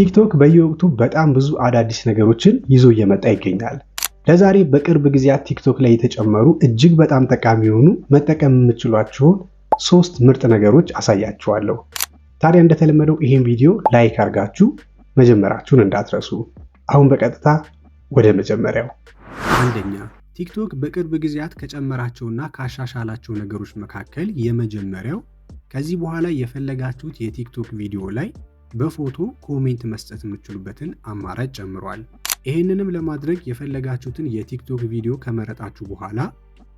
ቲክቶክ በየወቅቱ በጣም ብዙ አዳዲስ ነገሮችን ይዞ እየመጣ ይገኛል። ለዛሬ በቅርብ ጊዜያት ቲክቶክ ላይ የተጨመሩ እጅግ በጣም ጠቃሚ የሆኑ መጠቀም የምችሏቸውን ሶስት ምርጥ ነገሮች አሳያችኋለሁ። ታዲያ እንደተለመደው ይህን ቪዲዮ ላይክ አድርጋችሁ መጀመራችሁን እንዳትረሱ። አሁን በቀጥታ ወደ መጀመሪያው። አንደኛ ቲክቶክ በቅርብ ጊዜያት ከጨመራቸውና ካሻሻላቸው ነገሮች መካከል የመጀመሪያው ከዚህ በኋላ የፈለጋችሁት የቲክቶክ ቪዲዮ ላይ በፎቶ ኮሜንት መስጠት የምትችሉበትን አማራጭ ጨምሯል። ይህንንም ለማድረግ የፈለጋችሁትን የቲክቶክ ቪዲዮ ከመረጣችሁ በኋላ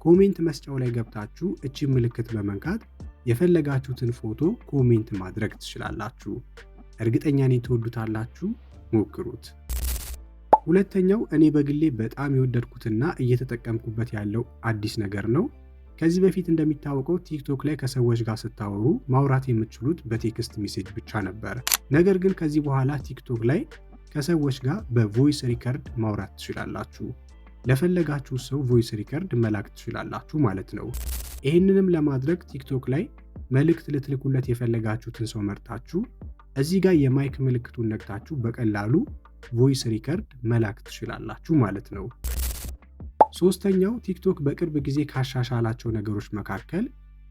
ኮሜንት መስጫው ላይ ገብታችሁ እቺ ምልክት በመንካት የፈለጋችሁትን ፎቶ ኮሜንት ማድረግ ትችላላችሁ። እርግጠኛ ነኝ ትወዱታላችሁ፣ ሞክሩት። ሁለተኛው እኔ በግሌ በጣም የወደድኩትና እየተጠቀምኩበት ያለው አዲስ ነገር ነው፣ ከዚህ በፊት እንደሚታወቀው ቲክቶክ ላይ ከሰዎች ጋር ስታወሩ ማውራት የምትችሉት በቴክስት ሜሴጅ ብቻ ነበር። ነገር ግን ከዚህ በኋላ ቲክቶክ ላይ ከሰዎች ጋር በቮይስ ሪከርድ ማውራት ትችላላችሁ። ለፈለጋችሁ ሰው ቮይስ ሪከርድ መላክ ትችላላችሁ ማለት ነው። ይህንንም ለማድረግ ቲክቶክ ላይ መልእክት ልትልኩለት የፈለጋችሁትን ሰው መርጣችሁ እዚህ ጋር የማይክ ምልክቱን ነግታችሁ በቀላሉ ቮይስ ሪከርድ መላክ ትችላላችሁ ማለት ነው። ሶስተኛው ቲክቶክ በቅርብ ጊዜ ካሻሻላቸው ነገሮች መካከል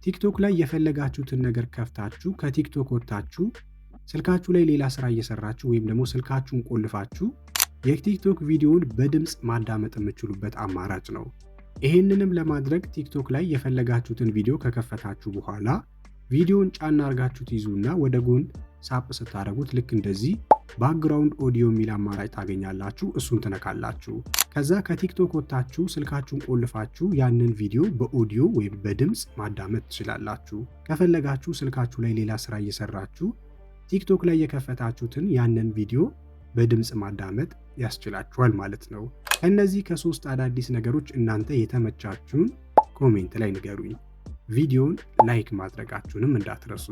ቲክቶክ ላይ የፈለጋችሁትን ነገር ከፍታችሁ ከቲክቶክ ወጥታችሁ ስልካችሁ ላይ ሌላ ስራ እየሰራችሁ ወይም ደግሞ ስልካችሁን ቆልፋችሁ የቲክቶክ ቪዲዮውን በድምፅ ማዳመጥ የምችሉበት አማራጭ ነው። ይህንንም ለማድረግ ቲክቶክ ላይ የፈለጋችሁትን ቪዲዮ ከከፈታችሁ በኋላ ቪዲዮውን ጫና አርጋችሁ ትይዙና ወደ ጎን ሳፕ ስታደረጉት ልክ እንደዚህ ባክግራውንድ ኦዲዮ የሚል አማራጭ ታገኛላችሁ። እሱን ትነካላችሁ። ከዛ ከቲክቶክ ወጥታችሁ ስልካችሁን ቆልፋችሁ ያንን ቪዲዮ በኦዲዮ ወይም በድምፅ ማዳመጥ ትችላላችሁ። ከፈለጋችሁ ስልካችሁ ላይ ሌላ ስራ እየሰራችሁ ቲክቶክ ላይ የከፈታችሁትን ያንን ቪዲዮ በድምፅ ማዳመጥ ያስችላችኋል ማለት ነው። ከእነዚህ ከሶስት አዳዲስ ነገሮች እናንተ የተመቻችሁን ኮሜንት ላይ ንገሩኝ። ቪዲዮውን ላይክ ማድረጋችሁንም እንዳትረሱ።